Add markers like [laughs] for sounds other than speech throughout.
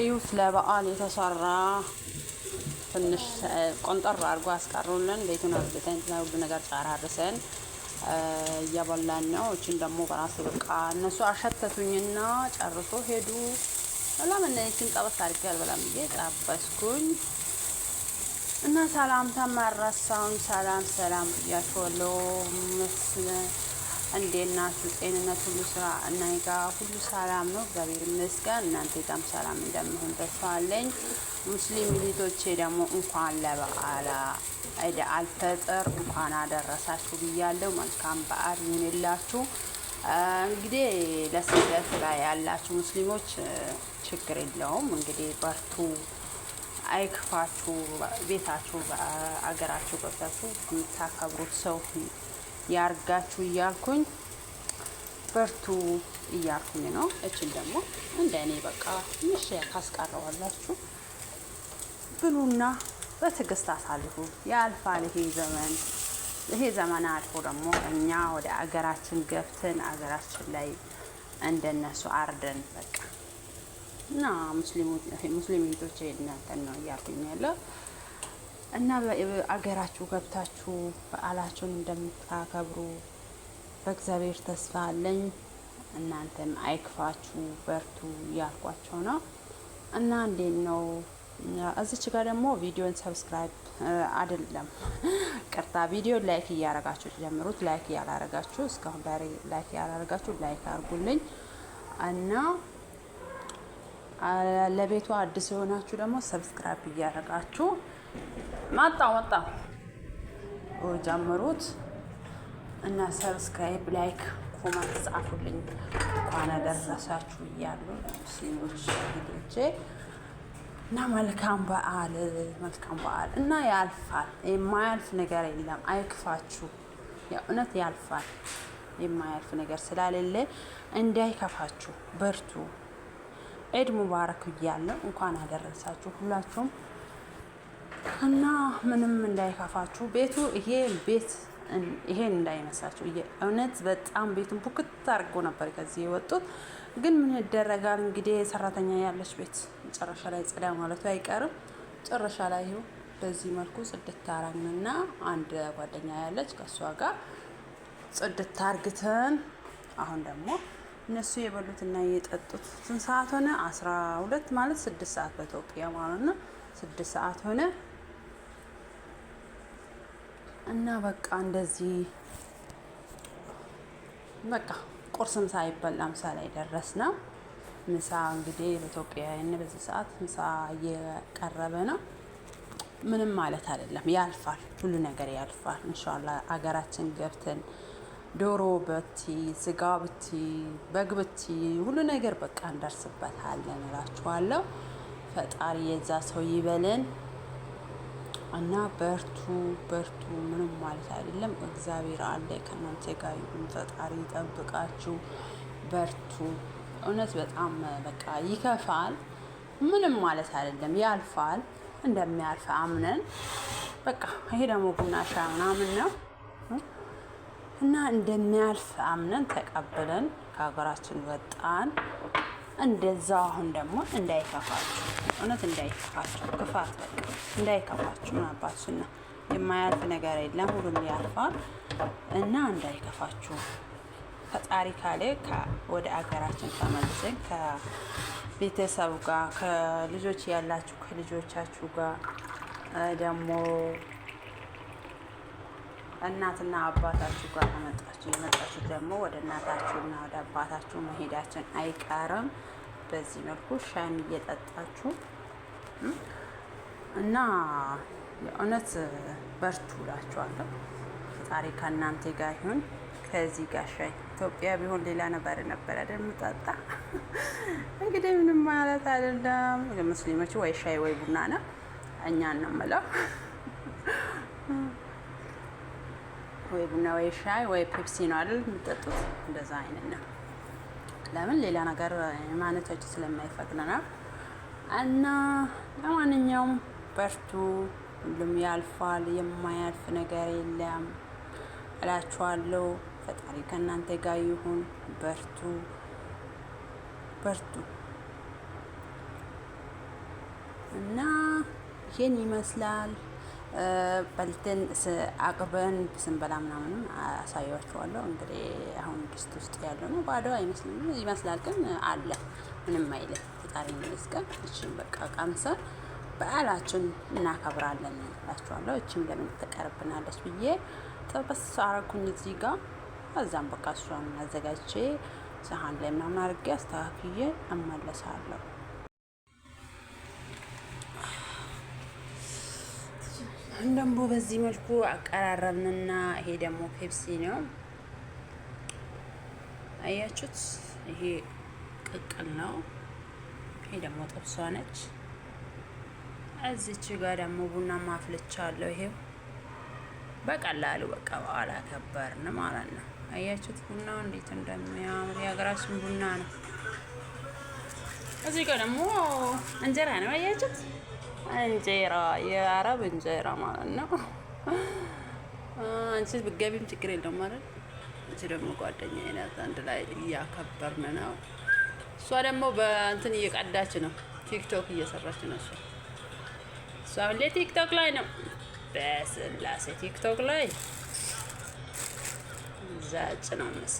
እዩት። ለበዓል የተሰራ ትንሽ ቆንጠር አድርጎ አስቀሩልን። ቤቱን አርግተን ሁሉ ነገር ጨራርሰን እያበላን ነው። እችን ደግሞ በራስ በቃ እነሱ አሸተቱኝና ጨርሶ ሄዱ። ለምን እችን ጠበስ አድርጌ አልበላም ብዬ ጠበስኩኝ እና ሰላምታ መረሳውን ሰላም ሰላም ብያችኋለሁ። እንዴት ጤንነት ሁሉ ስራ እና ጋ ሁሉ ሰላም ነው፣ እግዚአብሔር ይመስገን። እናንተ ጋም ሰላም እንደምሆን ተስፋ አለኝ። ሙስሊም እህቶቼ ደግሞ እንኳን ለበዓለ አይደ አልፈጥር እንኳን አደረሳችሁ ብያለሁ። መልካም በዓል ይሁንላችሁ። እንግዲህ ለስደት ላይ ያላችሁ ሙስሊሞች ችግር የለውም እንግዲህ በርቱ፣ አይክፋችሁ። ቤታችሁ አገራችሁ ገብታችሁ የምታከብሩት ሰው ያርጋችሁ እያልኩኝ በርቱ እያልኩኝ ነው። እችን ደግሞ እንደ እኔ በቃ ምሽ ካስቀረዋላችሁ ብሉና በትዕግስት አሳልፉ። ያልፋል ይሄ ዘመን። ይሄ ዘመን አልፎ ደግሞ እኛ ወደ አገራችን ገብተን አገራችን ላይ እንደነሱ አርደን በቃ እና ሙስሊም እህቶቼ እናንተን ነው እያልኩኝ ያለው እና አገራችሁ ገብታችሁ በዓላችሁን እንደምታከብሩ በእግዚአብሔር ተስፋ አለኝ። እናንተም አይክፋችሁ በርቱ ያልኳቸው ነው። እና እንዴት ነው እዚች ጋር ደግሞ ቪዲዮን ሰብስክራይብ አይደለም [laughs] ቅርታ ቪዲዮ ላይክ እያረጋችሁ ጀምሩት። ላይክ እያላረጋችሁ እስካሁን ዳሬ ላይክ እያላረጋችሁ ላይክ አርጉልኝ እና ለቤቱ አዲስ የሆናችሁ ደግሞ ሰብስክራይብ እያረጋችሁ መጣ መጣ ጀምሩት እና ሰብስክራይብ፣ ላይክ፣ ኮመንት ጻፉልኝ። እንኳን አደረሳችሁ እያሉ ሲኖች ሂዶቼ እና መልካም በዓል መልካም በዓል እና ያልፋል። የማያልፍ ነገር የለም። አይክፋችሁ፣ የእውነት ያልፋል። የማያልፍ ነገር ስላሌለ እንዳይከፋችሁ በርቱ። ኤድ ሙባረክ እያለሁ እንኳን አደረሳችሁ ሁላችሁም እና ምንም እንዳይከፋችሁ ቤቱ ይሄ ቤት ይሄን እንዳይመስላችሁ እውነት በጣም ቤቱን ቡክት አድርጎ ነበር ከዚህ የወጡት። ግን ምን ይደረጋል እንግዲህ ሰራተኛ ያለች ቤት መጨረሻ ላይ ጽዳ ማለቱ አይቀርም። መጨረሻ ላይ ይኸው በዚህ መልኩ ጽድት አረግንና አንድ ጓደኛ ያለች ከእሷ ጋር ጽድት አርግተን አሁን ደግሞ እነሱ የበሉትና የጠጡት ስንት ሰዓት ሆነ? አስራ ሁለት ማለት ስድስት ሰዓት በኢትዮጵያ ማለት ነው። ስድስት ሰዓት ሆነ። እና በቃ እንደዚህ በቃ ቁርስም ሳይበላ ምሳ ላይ ደረስና ምሳ እንግዲህ በኢትዮጵያውያን በዚህ ሰዓት ምሳ እየቀረበ ነው። ምንም ማለት አይደለም፣ ያልፋል። ሁሉ ነገር ያልፋል። እንሻላ አገራችን ገብተን ዶሮ በቲ ስጋ ብቲ በግ ብቲ ሁሉ ነገር በቃ እንደርስበታለን እላችኋለሁ። ፈጣሪ የዛ ሰው ይበለን። እና በርቱ በርቱ። ምንም ማለት አይደለም። እግዚአብሔር አለ ከእናንተ ጋር ይሁን። ፈጣሪ ይጠብቃችሁ። በርቱ። እውነት በጣም በቃ ይከፋል። ምንም ማለት አይደለም። ያልፋል። እንደሚያልፍ አምነን በቃ ይሄ ደግሞ ቡና ሻይ ምናምን ነው እና እንደሚያልፍ አምነን ተቀብለን ከሀገራችን ወጣን። እንደዛ አሁን ደግሞ እንዳይከፋችሁ፣ እውነት እንዳይከፋችሁ፣ ክፋት በቃ እንዳይከፋችሁ። ምን የማያልፍ ነገር የለም፣ ሁሉም ያልፋል እና እንዳይከፋችሁ። ፈጣሪ ካለ ወደ አገራችን ተመልሰን ከቤተሰብ ጋር ከልጆች ያላችሁ ከልጆቻችሁ ጋር ደግሞ እናትና አባታችሁ ጋር ከመጣችሁ የመጣችሁት ደግሞ ወደ እናታችሁና ወደ አባታችሁ መሄዳችን አይቀርም። በዚህ መልኩ ሻይም እየጠጣችሁ እና የእውነት በርቱ እላችኋለሁ። ፈጣሪ ከእናንተ ጋር ይሁን። ከዚህ ጋር ሻይ ኢትዮጵያ ቢሆን ሌላ ነበር ነበር አይደል የምጠጣ። [laughs] እንግዲህ ምንም ማለት አይደለም። ሙስሊሞች ወይ ሻይ ወይ ቡና ነው። እኛ እንምለው [laughs] ወይ ቡና ወይ ሻይ ወይ ፔፕሲ ነው አይደል የምጠጡት። እንደዛ አይነት ነው። ለምን ሌላ ነገር ማነቶች ስለማይፈቅድ ነው። እና ለማንኛውም በርቱ፣ ሁሉም ያልፋል። የማያልፍ ነገር የለም እላችኋለሁ። ፈጣሪ ከእናንተ ጋር ይሁን። በርቱ በርቱ እና ይህን ይመስላል። በልተን አቅርበን ስንበላ ምናምንም አሳያችኋለሁ። እንግዲህ አሁን ድስት ውስጥ ያለው ነው። ባዶ አይመስልም፣ ይመስላል ግን አለ ምንም አይልም። ፈጣሪ ይመስገን። እችን በቃ ቀምሰን በዓላችን እናከብራለን እላችኋለሁ። እችም ለምን ትቀርብናለች ብዬ ጥብስ አረኩኝ እዚህ ጋር። ከዛም በቃ እሷን አዘጋጅቼ ሰሀን ላይ ምናምን አድርጌ አስተካክዬ እመለሳለሁ። አሁን ደግሞ በዚህ መልኩ አቀራረብንና ይሄ ደግሞ ፔፕሲ ነው። አያችሁት? ይሄ ቅቅል ነው። ይሄ ደግሞ ጥብሷ ነች። እዚች ጋር ደግሞ ቡና ማፍለቻ አለው። ይሄው በቀላሉ በቃ በኋላ ከበርን ማለት ነው። አያችሁት? ቡናው እንዴት እንደሚያምር የሀገራችን ቡና ነው። እዚህ ጋር ደግሞ እንጀራ ነው ያያችሁት። እንጀራ የአረብ እንጀራ ማለት ነው። አንቺ ብትገቢም ችግር የለውም ማለት እቺ ደግሞ ጓደኛዬ ናት። አንድ ላይ እያከበርን ነው። እሷ ደግሞ በእንትን እየቀዳች ነው፣ ቲክቶክ እየሰራች ነው። እሷ እሷ ሁሌ ቲክቶክ ላይ ነው። በስላሴ ቲክቶክ ላይ ዛጭ ነው ምሳ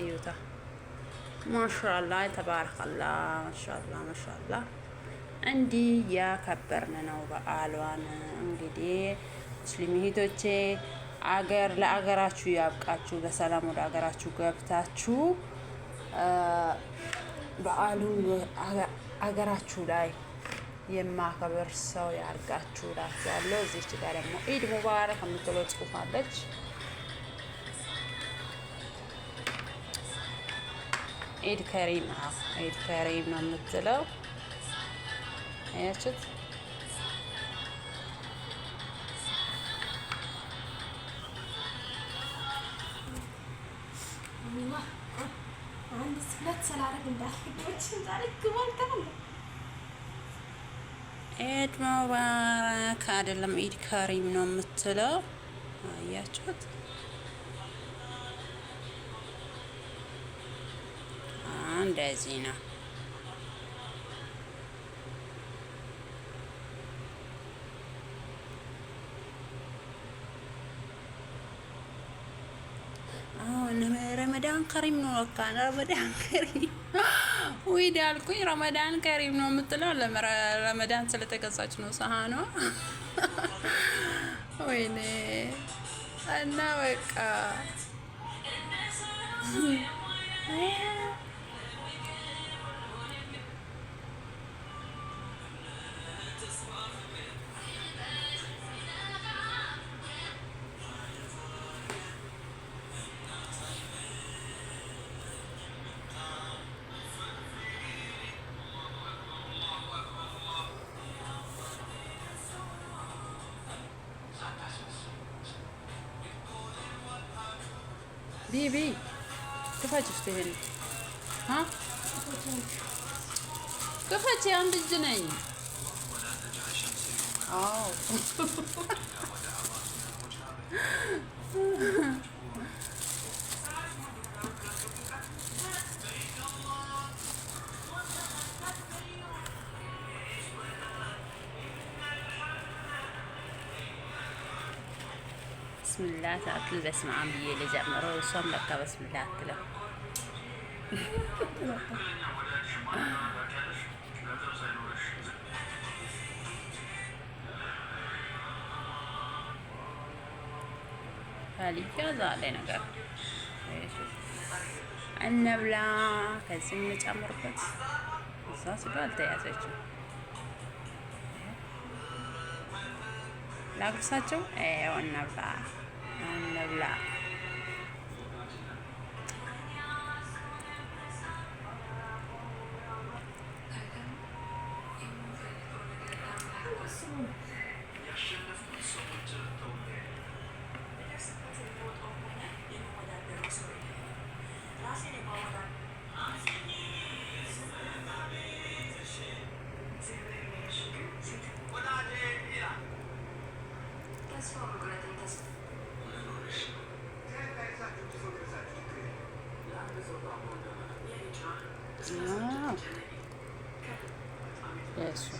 እዩታ ማሻላ ተባረከላ ማሻላ ማሻላ። እንዲህ ያከበርን ነው በዓሏን። እንግዲህ ሙስሊም እህቶቼ አገር ለአገራችሁ ያብቃችሁ። በሰላም ወደ አገራችሁ ገብታችሁ በዓሉ አገራችሁ ላይ የማከብር ሰው ያርጋችሁ እላችኋለሁ። እዚች ጋር ደግሞ ኢድ ሙባረክ የምትለው ጽሑፍ አለች። ኢድ ከሪም አ ከሪም ነው የምትለው። አያችሁት? ኢድ ሙባረክ አይደለም ኢድ ከሪም ነው የምትለው። አያችሁት? እንደዚህ ነው። ረመዳን ከሪም ነው በቃ ረመዳን ከሪም ውይድ አልኩኝ። ረመዳን ከሪም ነው የምትለው ረመዳን ስለተገዛች ነው ሰሃኗ። ወይኔ እና በቃ ዲቢ ክፈች እስቲ ይሄን አ ክፈች አንድ እጅ ነኝ። አዎ ብላ ታክል በስመ አብ ብዬ ለጀመረው እሷም ለካ በስምላ አትለው ታሊያ ዛለ ነገር እንብላ ከዚህ የምጨምርበት እዛ ስጋ አልተያዘችም። ላጉርሳቸው ይኸው እንብላ Manila. Wala din, yeah. Let's go, we're gonna do this. Yes.